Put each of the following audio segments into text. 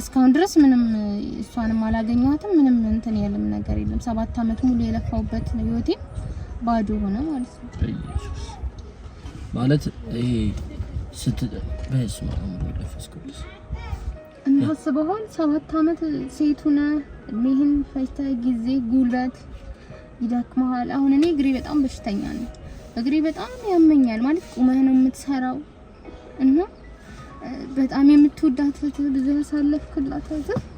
እስካሁን ድረስ ምንም እሷንም አላገኘኋትም። ምንም እንትን የለም ነገር የለም። ሰባት አመት ሙሉ የለፋውበት ህይወቴ ባዶ ሆነ ማለት ነው። ማለት እንዳስበሆን ሰባት አመት ሴት ሆነ ይህን ጊዜ ጉልበት ይደክመሃል። አሁን እኔ እግሬ በጣም በሽተኛ ነው። እግሬ በጣም ያመኛል ማለት ቁመህ ነው የምትሰራው እና በጣም የምትወዳት እህትህ ብዙ ያሳለፍክላት እህትህ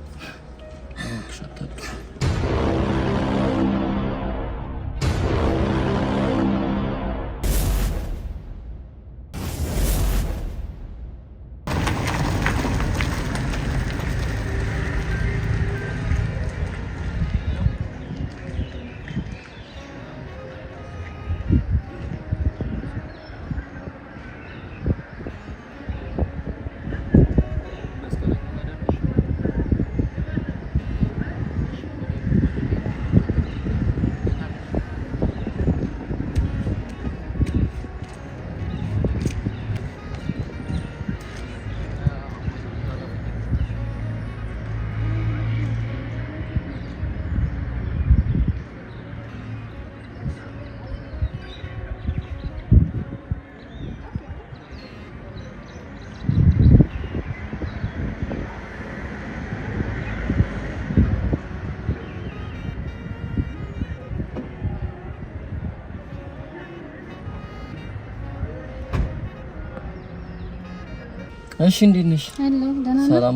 እሺ እንዴት ነሽ? ሰላም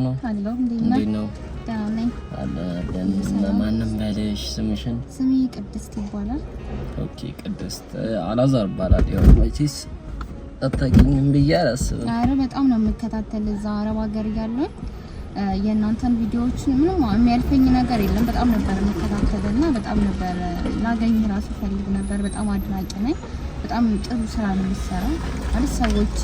ነው? እንዴት ነው? ማንም በልሽ? ስምሽን? ስሜ ቅድስት ይባላል። ኦኬ ቅድስት። አላዛር ይባላል። ያው መቼስ አታውቂኝም ብዬ አላስብም። ኧረ በጣም ነው የምከታተል እዛ አረብ ሀገር እያለሁ የእናንተን ቪዲዮዎችን ምንም የሚያልፈኝ ነገር የለም። በጣም ነበር የምከታተልና በጣም ነበር ላገኝ ራሱ ፈልግ ነበር። በጣም አድናቂ ነኝ። በጣም ጥሩ ስራ ነው የሚሰራው ማለት ሰዎች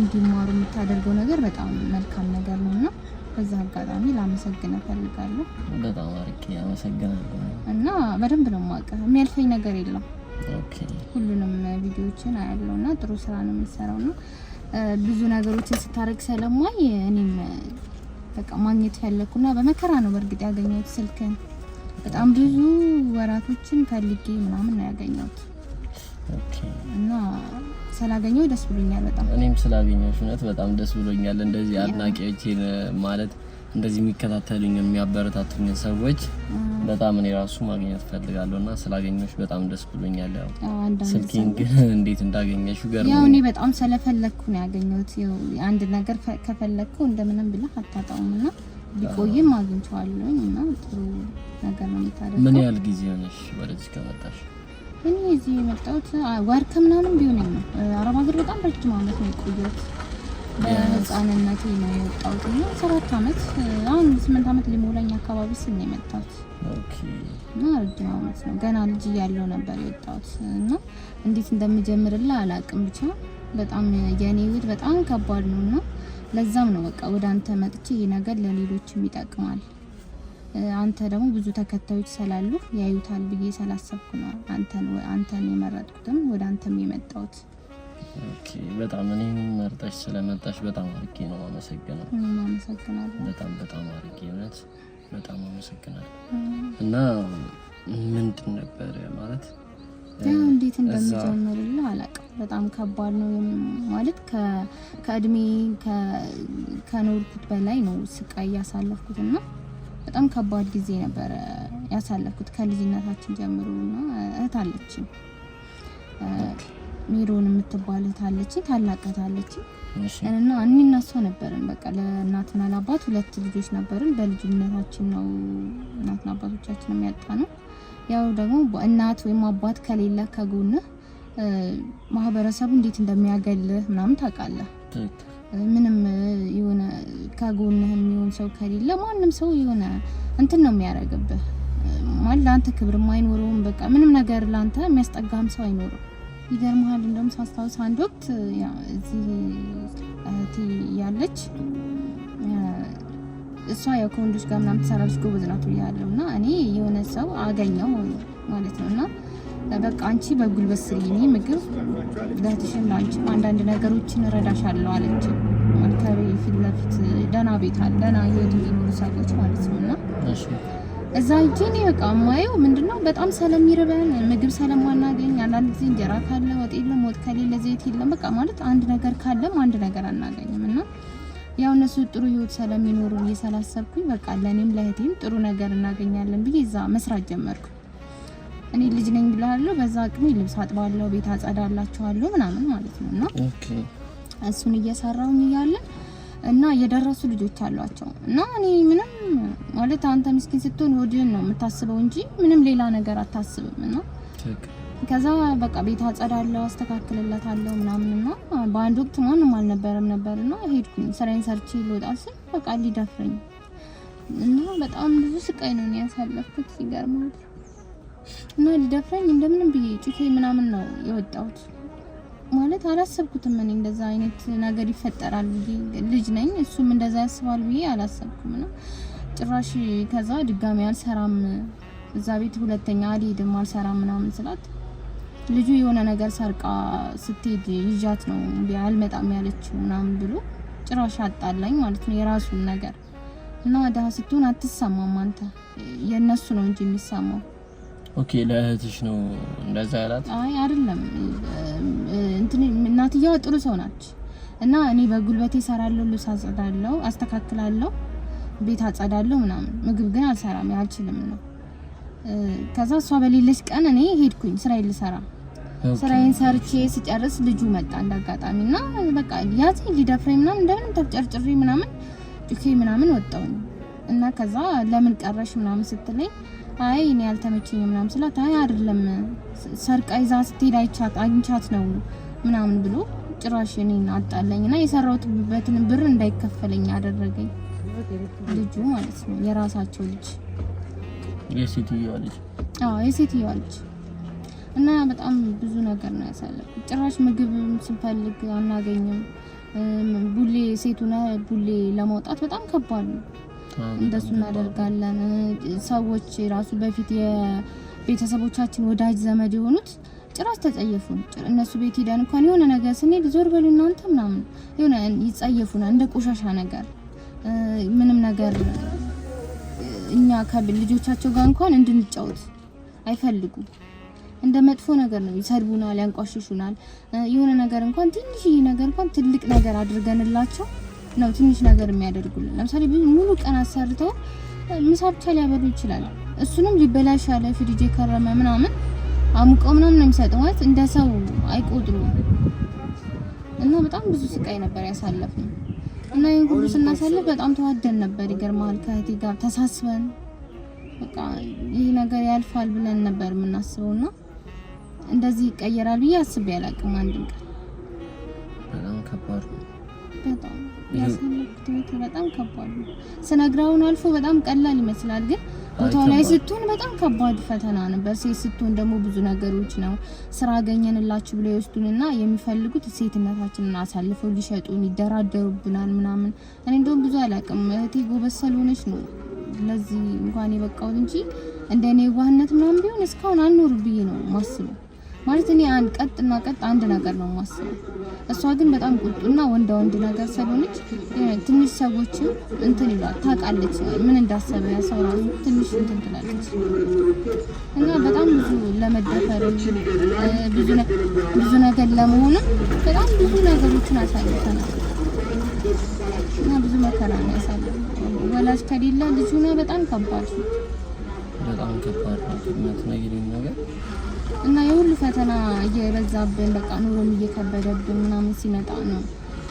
እንዲማሩ የምታደርገው ነገር በጣም መልካም ነገር ነው እና በዛ አጋጣሚ ላመሰግን ፈልጋለሁ። በጣም አርቄ አመሰግናለሁ። እና በደንብ ነው ማቀ የሚያልፈኝ ነገር የለም። ሁሉንም ቪዲዮዎችን አያለው እና ጥሩ ስራ ነው የሚሰራው ነው ብዙ ነገሮችን ስታደርግ ስለማይ እኔም በቃ ማግኘት ፈለግኩና በመከራ ነው በእርግጥ ያገኘሁት ስልክን። በጣም ብዙ ወራቶችን ፈልጌ ምናምን ነው ያገኘሁት እና ስላገኘው ደስ ብሎኛል። በጣም እኔም ስላገኘው እውነት በጣም ደስ ብሎኛል። እንደዚህ አድናቂዎች ማለት እንደዚህ የሚከታተሉኝ የሚያበረታቱኝ ሰዎች በጣም እኔ ራሱ ማግኘት ፈልጋለሁ እና ስላገኘሽ በጣም ደስ ብሎኛል። ያው ስልኪን ግን እንዴት እንዳገኘሽ ገርሞኝ ያው እኔ በጣም ስለፈለግኩ ነው ያገኘሁት። ያው አንድ ነገር ከፈለግኩ እንደምንም ብለህ አታጣውም እና ቢቆይም አግኝቼዋለሁኝ እና ጥሩ ነገር ነው የምታደርገው። ምን ያህል ጊዜ ሆነሽ ወደዚህ ከመጣሽ? ግን እዚህ የመጣሁት ወርክ ምናምን ቢሆንም ነው። አረብ ሀገር በጣም ረጅም አመት ነው የቆየሁት። በህፃንነቴ ነው የወጣሁት እና ሰባት አመት አሁን ስምንት አመት ሊሞላኝ አካባቢ ስን ነው የመጣሁት እና ረጅም አመት ነው። ገና ልጅ እያለሁ ነበር የወጣሁት እና እንዴት እንደምጀምርላ አላውቅም። ብቻ በጣም የእኔ ውድ በጣም ከባድ ነው እና ለዛም ነው በቃ ወደ አንተ መጥቼ ይህ ነገር ለሌሎችም ይጠቅማል አንተ ደግሞ ብዙ ተከታዮች ስላሉ ያዩታል ብዬ ስላሰብኩ ነው አንተን አንተን የመረጥኩትም ወደ አንተም የመጣሁት። በጣም እኔም መርጠሽ ስለመጣሽ በጣም አርጌ ነው አመሰግነው። አመሰግናለሁ። በጣም በጣም አርጌ እውነት በጣም አመሰግናለሁ። እና ምንድን ነበር ማለት እንዴት እንደምጀምርልህ አላውቅም። በጣም ከባድ ነው ማለት ከእድሜ ከኖርኩት በላይ ነው ስቃይ እያሳለፍኩት እና በጣም ከባድ ጊዜ ነበረ ያሳለፍኩት ከልጅነታችን ጀምሮ እና እህት አለችኝ ሚሮን የምትባል እህት አለችኝ ታላቅ እህት አለችኝ እና እኔና እሷ ነበርን በቃ ለእናትና ለአባት ሁለት ልጆች ነበርን በልጅነታችን ነው እናትና አባቶቻችን የሚያጣ ነው ያው ደግሞ እናት ወይም አባት ከሌለ ከጎንህ ማህበረሰቡ እንዴት እንደሚያገልህ ምናምን ታውቃለህ ምንም የሆነ ከጎንህ የሚሆን ሰው ከሌለ ማንም ሰው የሆነ እንትን ነው የሚያደርግብህ። ማለት ለአንተ ክብርም አይኖረውም። በቃ ምንም ነገር ለአንተ የሚያስጠጋም ሰው አይኖርም። ይገርምሃል፣ እንደውም ሳስታውስ አንድ ወቅት እዚህ እህቴ ያለች እሷ ያው ከወንዶች ጋር ምናምን ትሰራለች፣ ጎበዝ ናት ብያለሁ እና እኔ የሆነ ሰው አገኘው ማለት ነው እና በቃ አንቺ በጉልበት ስሪኝ ምግብ ለእህትሽን አንቺ አንዳንድ ነገሮችን እረዳሻለሁ አለች። ከቤ ፊት ለፊት ደህና ቤት አለ ደህና ህይወት የሚኖሩ ሰዎች ማለት ነው እና እዛ እጄ እኔ በቃ ማየው ምንድነው በጣም ስለሚርበን ምግብ ስለማናገኝ አንዳንድ ጊዜ እንጀራ ካለ ወጥ የለም፣ ወጥ ከሌለ ዘይት የለም። በቃ ማለት አንድ ነገር ካለም አንድ ነገር አናገኝም እና ያው እነሱ ጥሩ ህይወት ስለሚኖሩ እየሰላሰብኩኝ በቃ ለእኔም ለእህቴም ጥሩ ነገር እናገኛለን ብዬ እዛ መስራት ጀመርኩ። እኔ ልጅ ነኝ ብላለሁ። በዛ አቅሜ ልብስ አጥባለሁ፣ ቤት አጸዳላችኋለሁ ምናምን ማለት ነው እና እሱን እየሰራውን እያለን እና የደረሱ ልጆች አሏቸው እና እኔ ምንም ማለት አንተ ምስኪን ስትሆን ወድህን ነው የምታስበው እንጂ ምንም ሌላ ነገር አታስብም። እና ከዛ በቃ ቤት አጸዳለሁ፣ አስተካክልለታለሁ ምናምን እና በአንድ ወቅት ማንም አልነበረም ነበር እና ሄድኩኝ ስራዬን ሰርቼ ልወጣ ስል በቃ ሊደፍረኝ እና በጣም ብዙ ስቃይ ነው ያሳለፍኩት ይገርማል። እና ሊደፍረኝ እንደምንም ብዬ ጩቴ ምናምን ነው የወጣሁት። ማለት አላሰብኩትም እኔ እንደዛ አይነት ነገር ይፈጠራል ብዬ ልጅ ነኝ፣ እሱም እንደዛ ያስባል ብዬ አላሰብኩም። እና ጭራሽ ከዛ ድጋሚ አልሰራም እዛ ቤት ሁለተኛ አልሄድም አልሰራም ምናምን ስላት ልጁ የሆነ ነገር ሰርቃ ስትሄድ ይዣት ነው አልመጣም ያለችው ምናምን ብሎ ጭራሽ አጣላኝ ማለት ነው የራሱን ነገር እና ድሀ ስትሆን አትሰማም አንተ የእነሱ ነው እንጂ የሚሰማው ኦኬ ለእህትሽ ነው እንደዛ ያላት? አይ አይደለም፣ እንትን እናትየዋ ጥሩ ሰው ናች እና እኔ በጉልበቴ እሰራለሁ፣ ልብስ አጸዳለሁ፣ አስተካክላለሁ፣ ቤት አጸዳለሁ ምናምን፣ ምግብ ግን አልሰራም አልችልም ነው። ከዛ እሷ በሌለች ቀን እኔ ሄድኩኝ ስራዬን ልሰራ። ስራዬን ሰርቼ ሲጨርስ ልጁ መጣ እንዳጋጣሚ እና በቃ ያዜ ሊደፍረኝ ምናምን እንደምንም ተጨርጭሬ ምናምን ጩኬ ምናምን ወጣሁኝ እና ከዛ ለምን ቀረሽ ምናምን ስትለኝ አይ እኔ ያልተመቸኝ ምናምን ስላት አይ አይደለም ሰርቃ ይዛ ስትሄድ አይቻት አግኝቻት ነው ምናምን ብሎ ጭራሽ እኔን አጣለኝ እና የሰራሁትበትን ብር እንዳይከፈለኝ አደረገኝ። ልጁ ማለት ነው የራሳቸው ልጅ የሴትዮዋ ልጅ አዎ የሴትዮዋ ልጅ እና በጣም ብዙ ነገር ነው ያሳለፍኩት። ጭራሽ ምግብም ስንፈልግ አናገኝም። ቡሌ ሴት ቡሌ ለማውጣት በጣም ከባድ ነው። እንደሱ እናደርጋለን። ሰዎች ራሱ በፊት የቤተሰቦቻችን ወዳጅ ዘመድ የሆኑት ጭራሽ ተጸየፉን። እነሱ ቤት ሄደን እንኳን የሆነ ነገር ስንሄድ ዞር በሉ እናንተ ምናምን የሆነ ይጸየፉናል፣ እንደ ቆሻሻ ነገር ምንም ነገር እኛ ከልጆቻቸው ጋር እንኳን እንድንጫወት አይፈልጉም። እንደ መጥፎ ነገር ነው። ይሰድቡናል፣ ያንቋሽሹናል። የሆነ ነገር እንኳን ትንሽ ነገር እንኳን ትልቅ ነገር አድርገንላቸው ነው ትንሽ ነገር የሚያደርጉልን። ለምሳሌ ሙሉ ቀን አሰርተው ምሳ ብቻ ሊያበሉ ይችላል። እሱንም ሊበላሽ ያለ ፍሪጅ የከረመ ምናምን አሙቀው ምናምን ነው የሚሰጥዋት። እንደ ሰው አይቆጥሩም እና በጣም ብዙ ስቃይ ነበር ያሳለፍ። እና ይህን ሁሉ ስናሳልፍ በጣም ተዋደን ነበር። ይገርማል። ከእህቴ ጋር ተሳስበን በቃ ይህ ነገር ያልፋል ብለን ነበር የምናስበው እና እንደዚህ ይቀየራል ብዬ አስቤ አላውቅም አንድም ቀን። በጣም ከባድ ነው። በጣም ያሳለፍኩት ህይወት በጣም ከባድ ነው። ስነግራውን አልፎ በጣም ቀላል ይመስላል፣ ግን ቦታው ላይ ስትሆን በጣም ከባድ ፈተና ነበር። ሴት ስትሆን ደግሞ ብዙ ነገሮች ነው። ስራ አገኘንላችሁ ብለው ይወስዱንና የሚፈልጉት ሴትነታችንን አሳልፈው ሊሸጡን ይደራደሩብናል ምናምን። እኔ እንደውም ብዙ አላውቅም። እህቴ ጎበዝ ስለሆነች ነው ለዚህ እንኳን የበቃሁት እንጂ እንደ እኔ ዋህነት ምናምን ቢሆን እስካሁን አልኖር ብዬ ነው ማስበው። ማለት እኔ አንድ ቀጥ እና ቀጥ አንድ ነገር ነው የማስበው። እሷ ግን በጣም ቁጡና ወንዳ ወንድ ነገር ስለሆነች ትንሽ ሰዎች እንትን ይሏል ታውቃለች፣ ምን እንዳሰበ ሰው ራሱ ትንሽ እንትን ትላለች እና በጣም ብዙ ለመደፈር ብዙ ነገር ለመሆንም በጣም ብዙ ነገሮችን አሳልፈናል እና ብዙ መከራ ነው ያሳልፈ ወላጅ ከሌለ ልጅ ሆነ በጣም ከባድ ነው። በጣም ከባድ ነው የምትነግሪኝ ነገር እና የሁሉ ፈተና እየበዛብን በቃ ኑሮም እየከበደብን ምናምን ሲመጣ ነው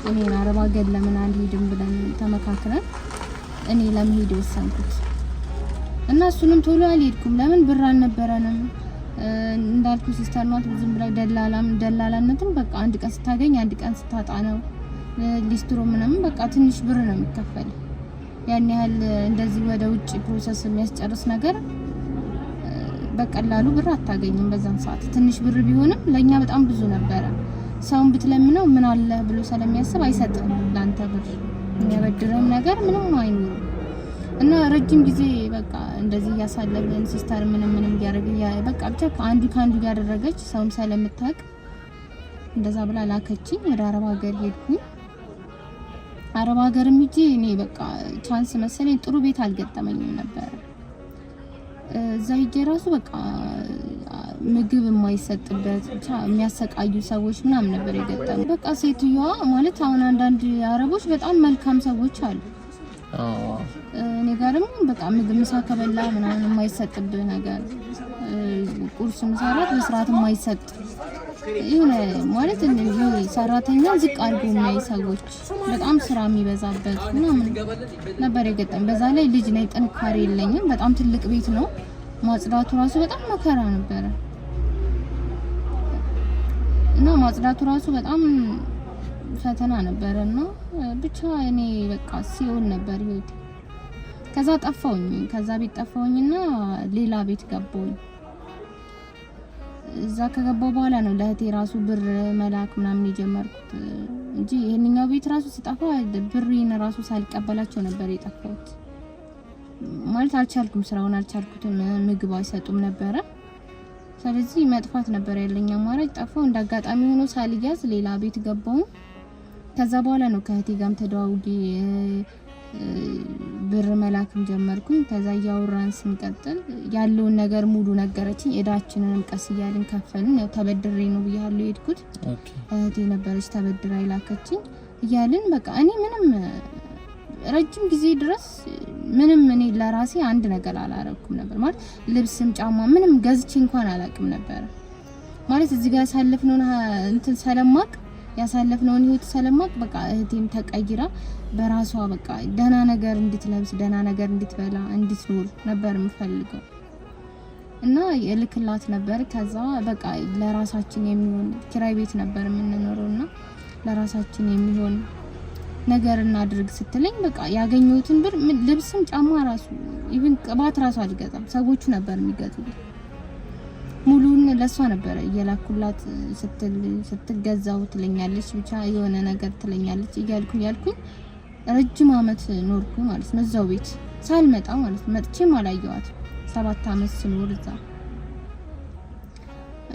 እኔን አረብ አገር ለምን አልሄድም ብለን ተመካክረን እኔ ለመሄድ ወሰንኩት እና እሱንም ቶሎ አልሄድኩም። ለምን ብር አልነበረንም። እንዳልኩ ሲስተር ናት ዝም ብላ ደላላም ደላላነትም በቃ አንድ ቀን ስታገኝ አንድ ቀን ስታጣ ነው። ሊስትሮ ምንም በቃ ትንሽ ብር ነው የሚከፈል ያን ያህል እንደዚህ ወደ ውጭ ፕሮሰስ የሚያስጨርስ ነገር በቀላሉ ብር አታገኝም። በዛን ሰዓት ትንሽ ብር ቢሆንም ለእኛ በጣም ብዙ ነበረ። ሰውን ብትለምነው ምን አለ ብሎ ስለሚያስብ አይሰጥም ለአንተ ብር የሚያበድረም ነገር ምንም አይኖርም። እና ረጅም ጊዜ በቃ እንደዚህ እያሳለፍን ሲስተር ምንም ምንም እያደረግ በቃ ብቻ አንዱ ከአንዱ እያደረገች ሰውም ስለምታውቅ እንደዛ ብላ ላከችኝ። ወደ አረብ ሀገር ሄድኩኝ። አረብ ሀገርም ሂጄ እኔ በቃ ቻንስ መሰለኝ ጥሩ ቤት አልገጠመኝም ነበር። እዛ ሂጄ ራሱ በቃ ምግብ የማይሰጥበት ብቻ የሚያሰቃዩ ሰዎች ምናምን ነበር የገጠሙ። በቃ ሴትዮዋ ማለት አሁን አንዳንድ አረቦች በጣም መልካም ሰዎች አሉ። እኔ ጋር ደግሞ በቃ ምግብ ምሳ ከበላ ምናምን የማይሰጥብህ ነገር ቁርስ ምሳራት በስርዓት የማይሰጥ የሆነ ማለት እንደዚህ ሰራተኛ ዝቅ አድርጎ የሚያይ ሰዎች በጣም ስራ የሚበዛበት ምናምን ነበር የገጠም። በዛ ላይ ልጅ ላይ ጥንካሬ የለኝም። በጣም ትልቅ ቤት ነው፣ ማጽዳቱ ራሱ በጣም መከራ ነበረ እና ማጽዳቱ ራሱ በጣም ፈተና ነበረ እና ብቻ እኔ በቃ ሲሆን ነበር ህይወቴ። ከዛ ጠፋውኝ፣ ከዛ ቤት ጠፋውኝና ሌላ ቤት ገባውኝ። እዛ ከገባው በኋላ ነው ለእህቴ ራሱ ብር መላክ ምናምን የጀመርኩት እንጂ ይህንኛው ቤት ራሱ ሲጠፋ ብሬን ራሱ ሳልቀበላቸው ነበር የጠፋሁት። ማለት አልቻልኩም፣ ስራውን አልቻልኩትም። ምግብ አይሰጡም ነበረ። ስለዚህ መጥፋት ነበር ያለኝ አማራጭ። ጠፋው። እንደ አጋጣሚ ሆኖ ሳልያዝ ሌላ ቤት ገባው። ከዛ በኋላ ነው ከእህቴ ጋርም ተደዋውጌ ብር መላክም ጀመርኩኝ። ከዛ እያወራን ስንቀጥል ያለውን ነገር ሙሉ ነገረችኝ። እዳችንንም ቀስ እያልን ከፈልን። ያው ተበድሬ ነው ብያለሁ የሄድኩት። እህቴ ነበረች ተበድራ ይላከችኝ እያልን በቃ እኔ ምንም ረጅም ጊዜ ድረስ ምንም እኔ ለራሴ አንድ ነገር አላረኩም ነበር ማለት ልብስም ጫማ ምንም ገዝቼ እንኳን አላቅም ነበር ማለት እዚህ ጋር ያሳልፍነውን እንትን ሰለማቅ ያሳለፍነውን ህይወት ሰለማቅ በቃ እህቴም ተቀይራ በራሷ በቃ ደህና ነገር እንድትለብስ ደህና ነገር እንድትበላ እንድትኖር ነበር የምፈልገው እና የልክላት ነበር። ከዛ በቃ ለራሳችን የሚሆን ኪራይ ቤት ነበር የምንኖረው እና ለራሳችን የሚሆን ነገር እናድርግ ስትለኝ በቃ ያገኘሁትን ብር ልብስም ጫማ ራሱ ኢቭን ቅባት ራሱ አልገዛም፣ ሰዎቹ ነበር የሚገዙት። ሙሉን ለሷ ነበረ እየላኩላት ስትል ስትገዛው ትለኛለች፣ ብቻ የሆነ ነገር ትለኛለች እያልኩ ያልኩኝ ረጅም አመት ኖርኩ ማለት ነው እዛው ቤት ሳልመጣ ማለት ነው። መጥቼም አላየዋት ሰባት አመት ስኖር እዛ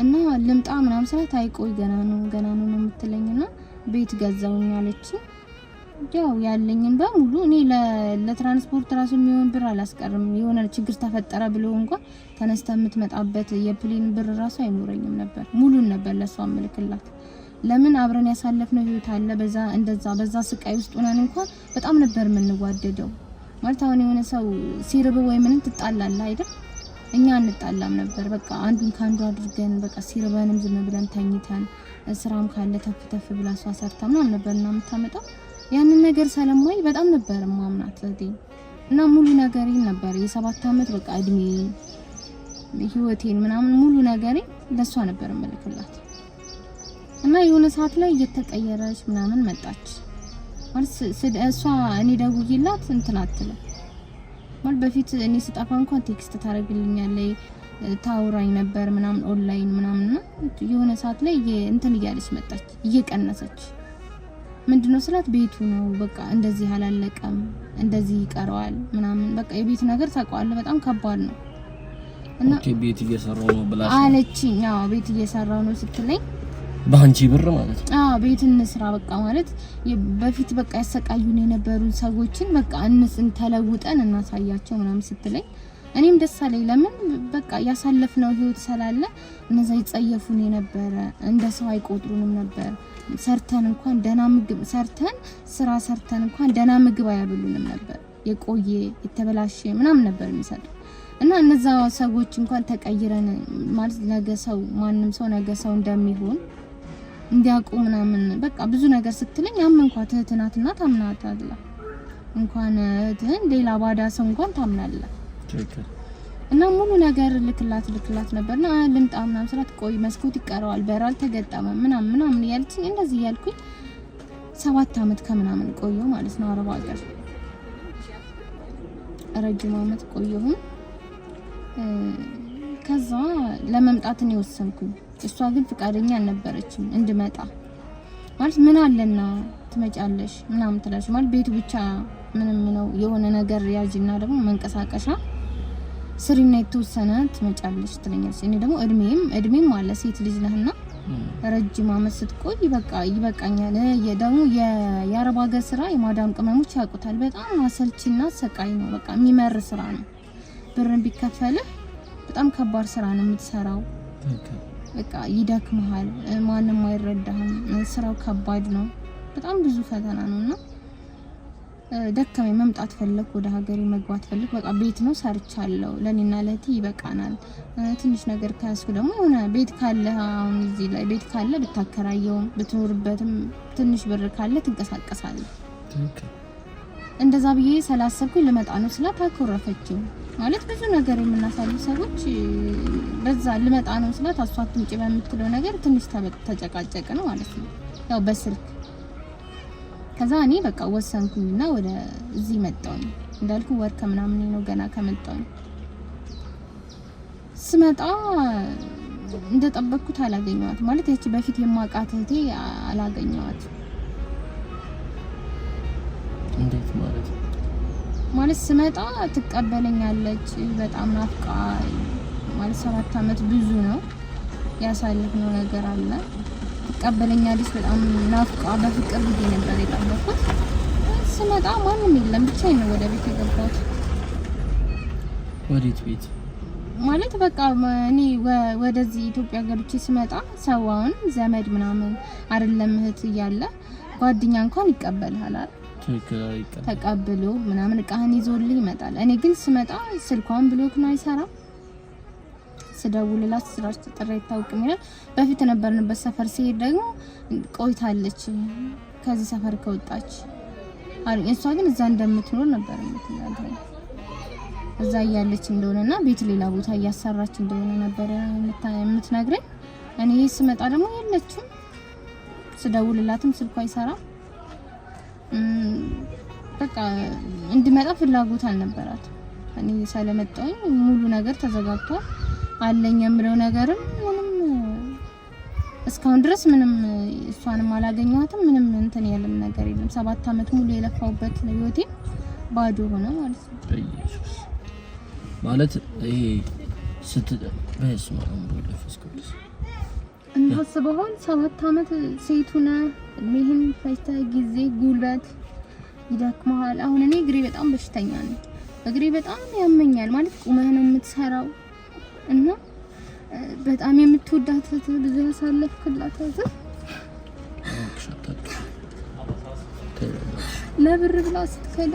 እና ልምጣ ምናምን ስላት አይቆይ ገና ነው ገና ነው የምትለኝና ቤት ገዛውኛለች ያው ያለኝን በሙሉ እኔ ለትራንስፖርት ራሱ የሚሆን ብር አላስቀርም። የሆነ ችግር ተፈጠረ ብሎ እንኳን ተነስተ የምትመጣበት የፕሌን ብር ራሱ አይኖረኝም ነበር። ሙሉን ነበር ለሷ አምልክላት። ለምን አብረን ያሳለፍነው ህይወት አለ። በዛ እንደዛ በዛ ስቃይ ውስጥ ሆነን እንኳን በጣም ነበር የምንዋደደው። ማለት አሁን የሆነ ሰው ሲርብ ወይ ምንም ትጣላለህ አይደል? እኛ እንጣላም ነበር። በቃ አንዱን ከአንዱ አድርገን በቃ ሲርበንም ዝም ብለን ተኝተን ስራም ካለ ተፍ ተፍ ብላ እሷ ሰርታ ምናምን ነበር እና የምታመጣው ያንን ነገር ሰለማይ በጣም ነበር ማምናት እና ሙሉ ነገሬን ነበር የሰባት አመት በቃ እድሜ ህይወቴን ምናምን ሙሉ ነገሬ ለሷ ነበር መልክላት እና የሆነ ሰዓት ላይ እየተቀየረች ምናምን መጣች ማለት እሷ እኔ ደውዬላት እንትን አትልም ማለት በፊት እኔ ስጠፋ እንኳን ቴክስት ታደርግልኛለች ታውራኝ ነበር ምናምን ኦንላይን ምናምን የሆነ ሰዓት ላይ እንትን እያለች መጣች እየቀነሰች ምንድነው ስላት ቤቱ ነው በቃ እንደዚህ አላለቀም፣ እንደዚህ ይቀረዋል ምናምን በቃ የቤቱ ነገር ታውቀዋለህ፣ በጣም ከባድ ነው እና ቤት እየሰራው ነው ብላ አለችኝ። አዎ ቤት እየሰራው ነው ስትለኝ በአንቺ ብር ማለት አዎ ቤት እንስራ በቃ ማለት በፊት በቃ ያሰቃዩን የነበሩን ሰዎችን በቃ እንስን ተለውጠን እናሳያቸው ምናምን ስትለኝ እኔም ደስ አለኝ። ለምን በቃ ያሳለፍነው ህይወት ስላለ እነዛ ይጸየፉን የነበረ እንደ ሰው አይቆጥሩንም ነበር ሰርተን እንኳን ደህና ምግብ ሰርተን ስራ ሰርተን እንኳን ደህና ምግብ አያብሉንም ነበር። የቆየ የተበላሸ ምናምን ነበር የሚሰጡ እና እነዛ ሰዎች እንኳን ተቀይረን ማለት ነገ ሰው ማንም ሰው ነገ ሰው እንደሚሆን እንዲያውቁ ምናምን በቃ ብዙ ነገር ስትለኝ ያም እንኳ ትህትናትና ታምናታለህ እንኳን እህትህን ሌላ ባዳ ሰው እንኳን ታምናለህ። እና ሙሉ ነገር ልክላት ልክላት ነበርና ልምጣ ምናምን ስላት ቆይ መስኮት ይቀረዋል በር አልተገጠመም ምናምን ምናምን እያለችኝ እንደዚህ እያልኩኝ ሰባት አመት ከምናምን ቆየሁ ማለት ነው አረብ ሀገር ረጅም አመት ቆየሁም። ከዛ ለመምጣት ነው የወሰንኩኝ። እሷ ግን ፍቃደኛ አልነበረችም እንድመጣ ማለት ምን አለና ትመጫለሽ ምናምን ትላለች ማለት ቤቱ ብቻ ምንም ነው የሆነ ነገር ያዥና ደግሞ መንቀሳቀሻ ስሪና የተወሰነ ትመጫለች ትለኛለች። እኔ ደግሞ እድሜም እድሜም አለ ሴት ልጅ ነህና ረጅም አመት ስትቆይ በቃ ይበቃኛል። ደግሞ የአረብ ሀገር ስራ የማዳም ቅመሞች ያውቁታል። በጣም አሰልችና ሰቃይ ነው። በቃ የሚመር ስራ ነው። ብርን ቢከፈልህ በጣም ከባድ ስራ ነው የምትሰራው። በቃ ይደክመሃል፣ ማንም አይረዳህም። ስራው ከባድ ነው። በጣም ብዙ ፈተና ነውና ደከመኝ፣ መምጣት ፈለግ፣ ወደ ሀገሬ መግባት ፈለግ። በቃ ቤት ነው ሰርቻለሁ፣ ለኔና ለቲ ይበቃናል። ትንሽ ነገር ከያዝኩ ደግሞ የሆነ ቤት ካለ አሁን እዚህ ላይ ቤት ካለ ብታከራየውም ብትኖርበትም ትንሽ ብር ካለ ትንቀሳቀሳለህ። እንደዛ ብዬ ስላሰብኩኝ ልመጣ ነው ስላት አኮረፈችኝ። ማለት ብዙ ነገር የምናሳዩ ሰዎች በዛ ልመጣ ነው ስላት አሷት ውጪ በምትለው ነገር ትንሽ ተጨቃጨቅ ነው ማለት ነው ያው በስልክ ከዛ እኔ በቃ ወሰንኩኝና ወደ እዚህ መጣሁኝ። እንዳልኩ ወር ከምናምን ነው ገና ከመጣሁኝ ስመጣ እንደጠበቅኩት አላገኘዋት ማለት ያቺ በፊት የማውቃት እህቴ አላገኘዋት። እንዴት ማለት ማለት ስመጣ ትቀበለኛለች። በጣም ናፍቃ ማለት ሰባት አመት ብዙ ነው ያሳልፍ ነው ነገር አለ ቀበለኝ አዲስ በጣም ናፍቃ በፍቅር ጊዜ ነበር የጠበኩት። ስመጣ ማንም የለም ብቻዬን ነው ወደ ቤት የገባሁት። ወዴት ቤት ማለት በቃ እኔ ወደዚህ ኢትዮጵያ ገብቼ ስመጣ ሰዋውን ዘመድ ምናምን አይደለም እህት እያለ ጓደኛ እንኳን ይቀበልሃል አይደል? ተቀብሎ ምናምን እቃህን ይዞልህ ይመጣል። እኔ ግን ስመጣ ስልኳን ብሎክ ነው አይሰራም ስደውልላት ስራ ተጠራ አይታወቅም ይላል። በፊት የነበርንበት ሰፈር ሲሄድ ደግሞ ቆይታለች ከዚህ ሰፈር ከወጣች አሉኝ። እሷ ግን እዛ እንደምትኖር ነበር የምትናገረኝ እዛ እያለች እንደሆነና ቤት ሌላ ቦታ እያሰራች እንደሆነ ነበረ የምትነግረኝ። እኔ ስመጣ ደግሞ የለችም፣ ስደውልላትም ስልኩ አይሰራም። በቃ እንድመጣ ፍላጎት አልነበራትም። እኔ ሳለመጣሁኝ ሙሉ ነገር ተዘጋግቷል። አለኝ የምለው ነገርም ምንም እስካሁን ድረስ ምንም እሷንም አላገኘኋትም። ምንም እንትን የለም ነገር የለም። ሰባት አመት ሙሉ የለፋውበት ህይወቴ ባዶ ሆነ ማለት ነው። ማለት ይሄ ስትጠበስ ሰባት አመት ሴት ሆነ እድሜህን ጊዜ ጉልበት ይደክመሃል። አሁን እኔ እግሬ በጣም በሽተኛ ነው። እግሬ በጣም ያመኛል ማለት ቁመህ ነው የምትሰራው እና በጣም የምትወዳት እህትህ ብዙ ያሳለፍክላት እህትህ ለብር ብላ ስትከዳ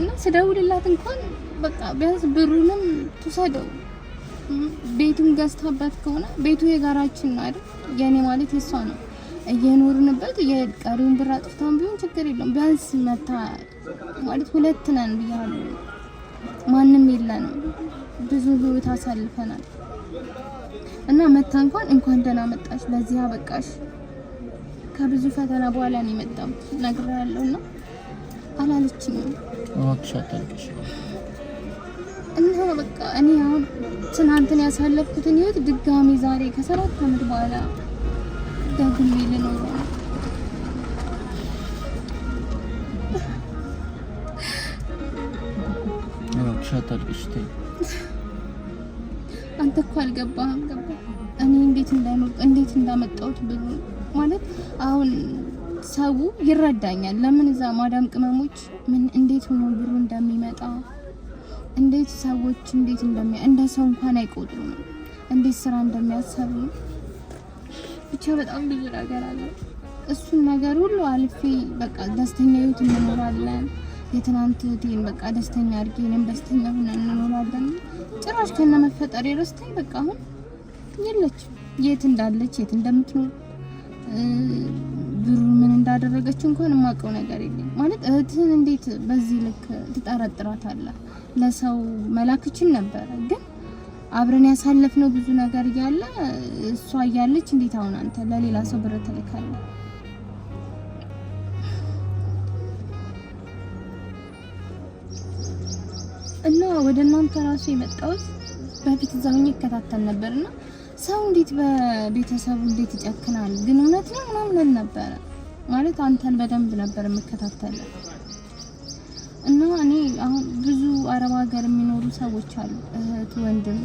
እና ስደውልላት እንኳን በቃ ቢያንስ ብሩንም ትውሰደው። ቤቱን ገዝታበት ከሆነ ቤቱ የጋራችን ነው አይደል? የኔ ማለት የሷ ነው። እየኖርንበት የቀሪውን ብር አጥፍተውን ቢሆን ችግር የለውም። ቢያንስ መታ ማለት ሁለት ነን ብያሉ ማንም የለንም። ብዙ ህይወት አሳልፈናል እና መታ እንኳን እንኳን ደህና መጣሽ፣ ለዚህ አበቃሽ። ከብዙ ፈተና በኋላ ነው የመጣው እነግርሃለሁ እና አላለችኝም። እና በቃ እኔ አሁን ትናንትን ያሳለፍኩትን ህይወት ድጋሚ ዛሬ ከሰባት ዓመት በኋላ ደጋግሜ ልኖረው አንተ እኮ አልገባህም። ገባ እኔ እንዴት እንዳኖር እንዴት እንዳመጣሁት ብሎ ማለት አሁን ሰው ይረዳኛል። ለምን እዛ ማዳም ቅመሞች ምን እንዴት ሆኖ ብሩ እንደሚመጣ እንዴት ሰዎች እንዴት እንደሚያ እንደ ሰው እንኳን አይቆጥሩም። እንዴት ስራ እንደሚያሰሩ ብቻ በጣም ብዙ ነገር አለ። እሱን ነገር ሁሉ አልፌ በቃ ደስተኛ ህይወት እንኖራለን። የትናንት እህቴን በቃ ደስተኛ አድርጌ እኔም ደስተኛ ሆነ እንኖራለን። ጭራሽ ከነ መፈጠር ረስታኝ በቃ አሁን የለችም። የት እንዳለች የት እንደምትኖር ብሩ ምን እንዳደረገች እንኳን የማውቀው ነገር የለም። ማለት እህትህን እንዴት በዚህ ልክ ትጠረጥራታለህ? ለሰው መላክችን ነበረ ግን አብረን ያሳለፍነው ብዙ ነገር እያለ እሷ እያለች እንዴት አሁን አንተ ለሌላ ሰው ብር ትልካለህ? እና ወደ እናንተ ራሱ የመጣሁት በፊት ዘመኝ ይከታተል ነበር ነበርና ሰው እንዴት በቤተሰቡ እንዴት ይጨክናል? ግን እውነት ነው ምናምን ነበረ ማለት አንተን በደንብ ነበር የምከታተለው። እና እኔ አሁን ብዙ አረብ ሀገር የሚኖሩ ሰዎች አሉ፣ እህት ወንድም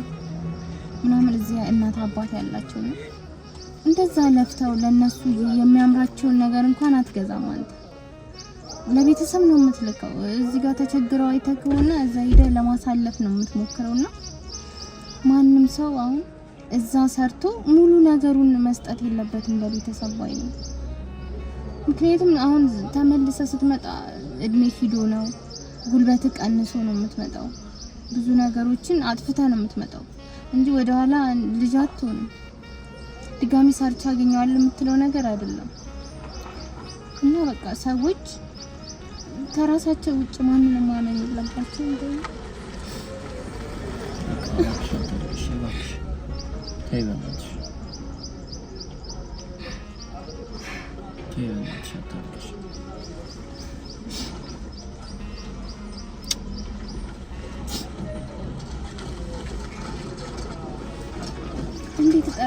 ምናምን እዚህ እናት አባት ያላቸው ነው። እንደዛ ለፍተው ለነሱ የሚያምራቸውን ነገር እንኳን አትገዛም አንተ። ለቤተሰብ ነው የምትልከው። እዚህ ጋር ተቸግረው አይተህ ከሆነ እዛ ሂደህ ለማሳለፍ ነው የምትሞክረው። እና ማንም ሰው አሁን እዛ ሰርቶ ሙሉ ነገሩን መስጠት የለበትም ለቤተሰብ ባይ ነው። ምክንያቱም አሁን ተመልሰ ስትመጣ እድሜ ሂዶ ነው፣ ጉልበት ቀንሶ ነው የምትመጣው። ብዙ ነገሮችን አጥፍታ ነው የምትመጣው እንጂ ወደኋላ ልጅ አትሆንም። ድጋሚ ሰርቻ አገኘዋለሁ የምትለው ነገር አይደለም። እና በቃ ሰዎች ከራሳቸው ውጭ ማንንም ማመን የለባቸው። እንደዚህ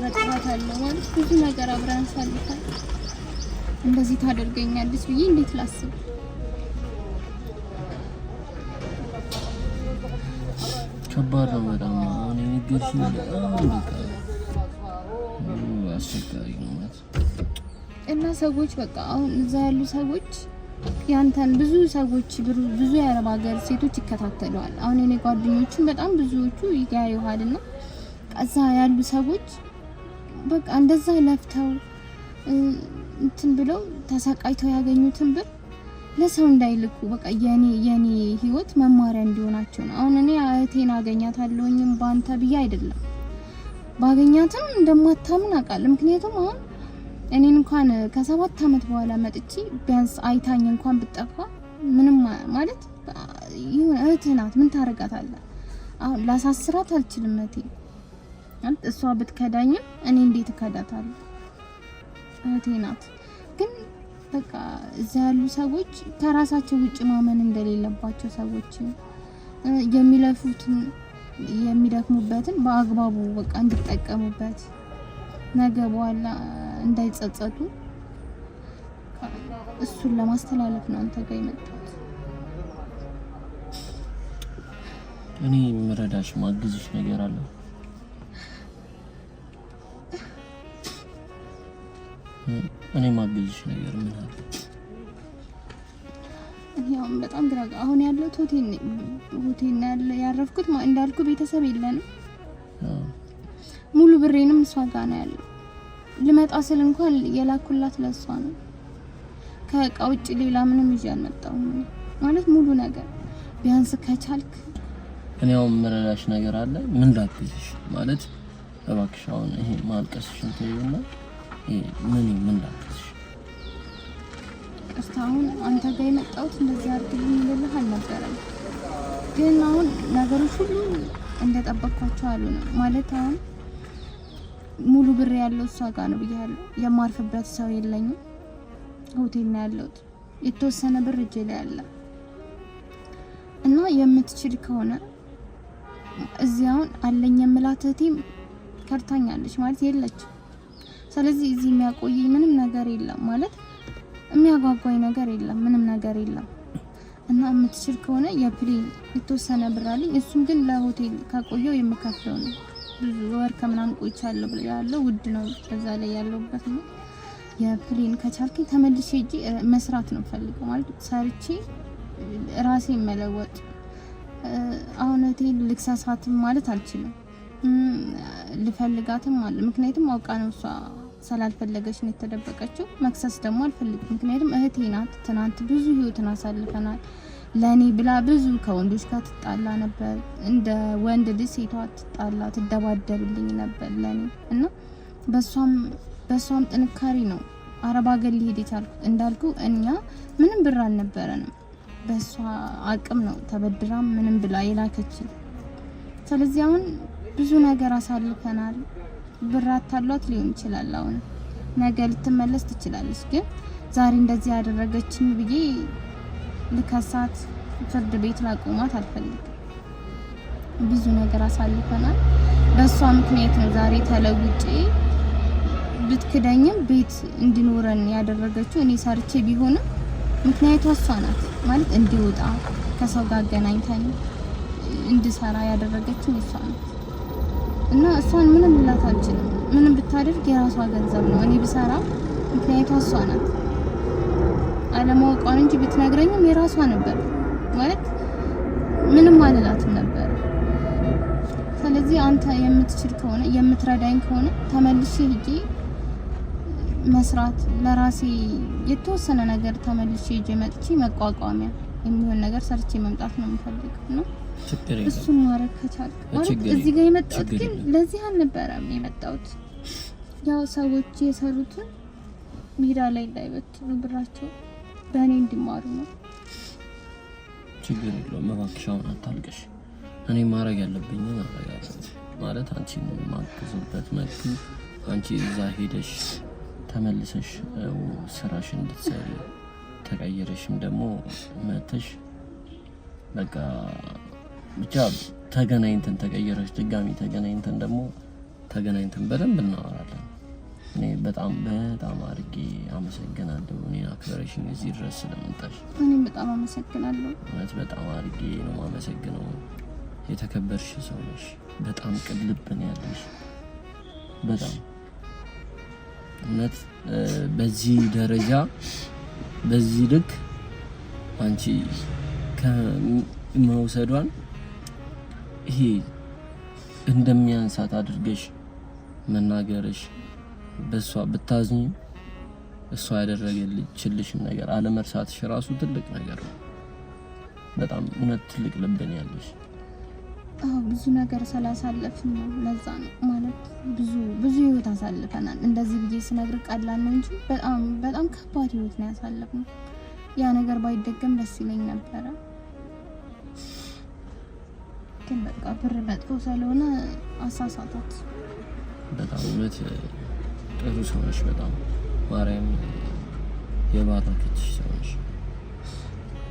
የፈጠረ ማለት ብዙ ነገር አብረን እንደዚህ ታደርገኛለች ብዬ እንዴት ላስብ? ከባድ ነው በጣም አሁን አስቸጋሪ ነው እና ሰዎች በቃ አሁን እዛ ያሉ ሰዎች ያንተን ብዙ ሰዎች ብዙ የአረብ ሀገር ሴቶች ይከታተለዋል። አሁን እኔ ጓደኞቹም በጣም ብዙዎቹ እና እዛ ያሉ ሰዎች በቃ እንደዛ ለፍተው እንትን ብለው ተሰቃይተው ያገኙትን ብር ለሰው እንዳይልኩ በቃ የኔ የኔ ህይወት መማሪያ እንዲሆናቸው ነው። አሁን እኔ እህቴን አገኛታለሁኝም በአንተ ብዬ አይደለም ባገኛትም እንደማታምን አውቃለሁ። ምክንያቱም አሁን እኔ እንኳን ከሰባት አመት በኋላ መጥቼ ቢያንስ አይታኝ እንኳን ብጠፋ ምንም ማለት ይሁን እህትህ ናት፣ ምን ታደርጋታለህ? አሁን ላሳስራት አልችልም እህቴ እሷ ብትከዳኝም እኔ እንዴት እከዳታለሁ? እህቴ ናት። ግን በቃ እዛ ያሉ ሰዎች ከራሳቸው ውጭ ማመን እንደሌለባቸው ሰዎች የሚለፉትን የሚደክሙበትን በአግባቡ በቃ እንዲጠቀሙበት ነገ በኋላ እንዳይጸጸቱ እሱን ለማስተላለፍ ነው አንተ ጋር የመጣሁት። እኔ የምረዳሽ ማግዝሽ ነገር አለ እኔ ማግዝሽ ነገር ምን አለ? ያው በጣም ግራ አሁን ያለው ሆቴል ሆቴል ያለ ያረፍኩት እንዳልኩ ቤተሰብ የለንም። ሙሉ ብሬንም እሷ ጋር ነው ያለው። ልመጣ ስል እንኳን የላኩላት ለእሷ ነው። ከእቃ ውጭ ሌላ ምንም ይዤ አልመጣሁም። ማለት ሙሉ ነገር ቢያንስ ከቻልክ እኔ አሁን መረዳሽ ነገር አለ። ምን ላግዝሽ ማለት እባክሽ አሁን ይሄ ማልቀስሽን ተይውና ምን ምን ቅርታ አሁን አንተ ጋር የመጣሁት እንደዚህ አድርግልኝ ልልህ አልነበረም፣ ግን አሁን ነገሮች ሁሉ እንደጠበቅኳቸው አሉ ነው ማለት። አሁን ሙሉ ብር ያለው እሷ ጋር ነው ብያለሁ። የማርፍበት ሰው የለኝም፣ ሆቴል ነው ያለሁት። የተወሰነ ብር እጄ ላይ አለ እና የምትችል ከሆነ እዚህ አሁን አለኝ የምላት እህቴም ከርታኛለች ማለት የለችም ስለዚህ እዚህ የሚያቆየኝ ምንም ነገር የለም ማለት የሚያጓጓኝ ነገር የለም፣ ምንም ነገር የለም። እና የምትችል ከሆነ የፕሌን የተወሰነ ብር አለኝ። እሱም ግን ለሆቴል ካቆየው የምከፍለው ነው። ብዙ ወር ከምናምን ቆይቻለሁ ያለው ውድ ነው። በዛ ላይ ያለውበት ነው። የፕሌን ከቻልኩኝ ተመልሼ እጂ መስራት ነው ፈልገው ማለት ሰርቼ ራሴ መለወጥ። አሁን ሆቴል ልክሰሳትም ማለት አልችልም ልፈልጋትም አለ ምክንያቱም አውቃ ነው እሷ ስላልፈለገች ነው የተደበቀችው። መክሰስ ደግሞ አልፈልግም፣ ምክንያቱም እህቴ ናት። ትናንት ብዙ ህይወትን አሳልፈናል። ለእኔ ብላ ብዙ ከወንዶች ጋር ትጣላ ነበር። እንደ ወንድ ልጅ ሴቷ ትጣላ ትደባደብልኝ ነበር ለእኔ እና በእሷም ጥንካሬ ነው አረብ ሀገር ሊሄድ የቻልኩት። እንዳልኩ እኛ ምንም ብር አልነበረንም። በእሷ አቅም ነው ተበድራ ምንም ብላ የላከችን። ስለዚህ አሁን ብዙ ነገር አሳልፈናል። ብር አታሏት ሊሆን ይችላል። አሁን ነገ ልትመለስ ትችላለች። ግን ዛሬ እንደዚህ ያደረገችኝ ብዬ ልከሳት ፍርድ ቤት ላቆማት አልፈልግም። ብዙ ነገር አሳልፈናል። በእሷ ምክንያት ነው ዛሬ ተለውጬ ብትክደኝም ቤት እንዲኖረን ያደረገችው እኔ ሰርቼ ቢሆንም ምክንያቷ እሷ ናት ማለት እንዲወጣ ከሰው ጋር አገናኝተን እንድሰራ ያደረገችው እሷ ናት። እና እሷን ምንም ልላት አልችልም። ምንም ብታደርግ የራሷ ገንዘብ ነው። እኔ ብሰራ ምክንያቷ እሷ ናት። አለማወቋን እንጂ ብትነግረኝም የራሷ ነበር ማለት ምንም አልላትም ነበር። ስለዚህ አንተ የምትችል ከሆነ የምትረዳኝ ከሆነ ተመልሼ ሂጄ መስራት ለራሴ የተወሰነ ነገር ተመልሼ ሂጄ መጥቼ መቋቋሚያ የሚሆን ነገር ሰርቼ መምጣት ነው የምፈልገው ነው እሱን ማድረግ ከቻልክ ማለት እዚህ ጋር የመጣሁት ግን ለዚህ አልነበረም የመጣሁት ያው ሰዎች የሰሩትን ሜዳ ላይ እንዳይበትኑ ብራቸው በእኔ እንዲማሩ ነው። ችግር የለውም እባክሽ፣ አሁን አታልቅሽ። እኔ ማድረግ ያለብኝ ማለት አንቺ ማግዝበት መልኩ አንቺ እዛ ሄደሽ ተመልሰሽ ስራሽ እንድትሰሪ ተቀይረሽም ደግሞ መተሽ በቃ ብቻ ተገናኝተን ተቀይረሽ ድጋሚ ተገናኝተን ደግሞ ተገናኝተን በደንብ እናወራለን። እኔ በጣም በጣም አድርጌ አመሰግናለሁ። እኔ አክበረሽኝ እዚህ ድረስ ስለመጣሽ እኔም በጣም አመሰግናለሁ። እውነት በጣም አድርጌ ነው የማመሰግነው። የተከበርሽ ሰው ነሽ። በጣም ቅልብን ያለሽ። በጣም እውነት በዚህ ደረጃ በዚህ ልክ አንቺ ከመውሰዷን ይሄ እንደሚያንሳት አድርገሽ መናገርሽ በእሷ ብታዝኝ እሷ ያደረገችልሽን ነገር አለመርሳትሽ ራሱ ትልቅ ነገር ነው። በጣም እውነት ትልቅ ልብን ያለሽ ብዙ ነገር ነው። ለዛ ነው ማለት ብዙ ብዙ ህይወት አሳልፈናል። እንደዚህ ብዬ ስነግር ቀላል ነው እንጂ በጣም በጣም ከባድ ህይወት ነው ያሳለፍነው። ያ ነገር ባይደገም ደስ ይለኝ ነበረ፣ ግን በቃ ብር መጥፎ ስለሆነ አሳሳታት። በጣም እውነት ጥሩ ሰዎች፣ በጣም ማርያም የባረከችሽ ሰዎች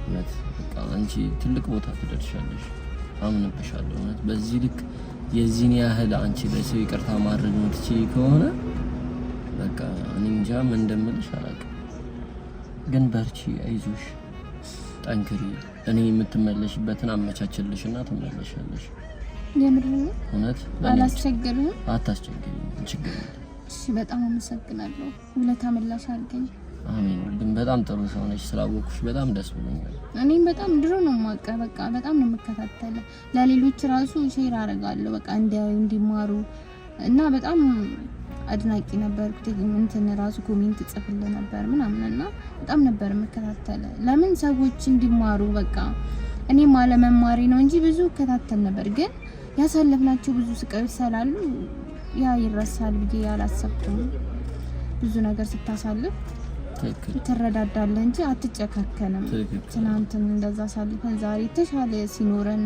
እውነት። በቃ አንቺ ትልቅ ቦታ ትደርሻለሽ። አምንብሻለሁ። እውነት በዚህ ልክ የዚህን ያህል አንቺ ለሰው ይቅርታ ማድረግ የምትችይ ከሆነ በቃ እኔ እንጃ ምን እንደምልሽ አላውቅም። ግን በርቺ፣ አይዞሽ፣ ጠንክሪ። እኔ የምትመለሽበትን አመቻችልሽ እና ትመለሻለሽ። የምር እውነት አላስቸግርም። አታስቸግሪ፣ ችግር የለም። እሺ፣ በጣም አመሰግናለሁ። ሁለት አመላሽ አድርገኝ ግን በጣም ጥሩ ሰው ነች። ስላወኩሽ በጣም ደስ ብሎኛል። እኔም በጣም ድሮ ነው ማቀ በቃ በጣም ነው የምከታተለ ለሌሎች ራሱ ሼር አደርጋለሁ በቃ እንዲያዩ እንዲማሩ እና በጣም አድናቂ ነበር። እንትን ራሱ ኮሜንት ጽፍል ነበር ምናምን እና በጣም ነበር የምከታተለ ለምን ሰዎች እንዲማሩ በቃ እኔም አለመማሪ ነው እንጂ ብዙ እከታተል ነበር። ግን ያሳለፍናቸው ብዙ ስቃዮች ስላሉ ያ ይረሳል ብዬ አላሰብኩም። ብዙ ነገር ስታሳልፍ ትረዳዳለህ እንጂ አትጨካከንም። ትናንትም እንደዛ አሳልፈን ዛሬ የተሻለ ሲኖረን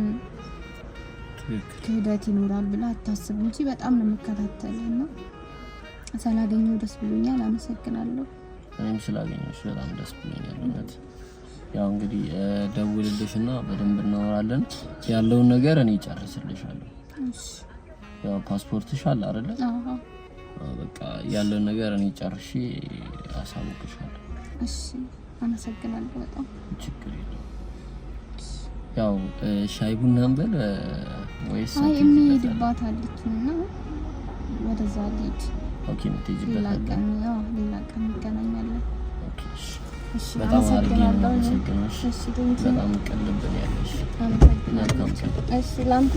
ክህደት ይኖራል ብለ አታስብ እንጂ በጣም ነው የምከታተልህ እና ስላገኘሁ ደስ ብሎኛል። አመሰግናለሁ። እኔም ስላገኘሁሽ በጣም ደስ ብሎኛል። እውነት ያው እንግዲህ ደውልልሽ እና በደንብ እናወራለን። ያለውን ነገር እኔ ጨርስልሻለሁ። ያው ፓስፖርትሽ አለ አይደለ? በቃ ያለውን ነገር እኔ ጨርሼ አሳውቅሻለሁ። እሺ፣ አመሰግናለሁ። በጣም ችግር የለውም። ያው ሻይ ቡና እንበል ወይስ? አይ የሚሄድባት አለች እና ወደዛ ልሂድ። ኦኬ፣ የምትሄጂበት ቀን? ያው ሌላ ቀን እንገናኛለን። እሺ። በጣም ነው ቀልብን ያለሽ። አመሰግናለሁ። እሺ፣ ላምቱ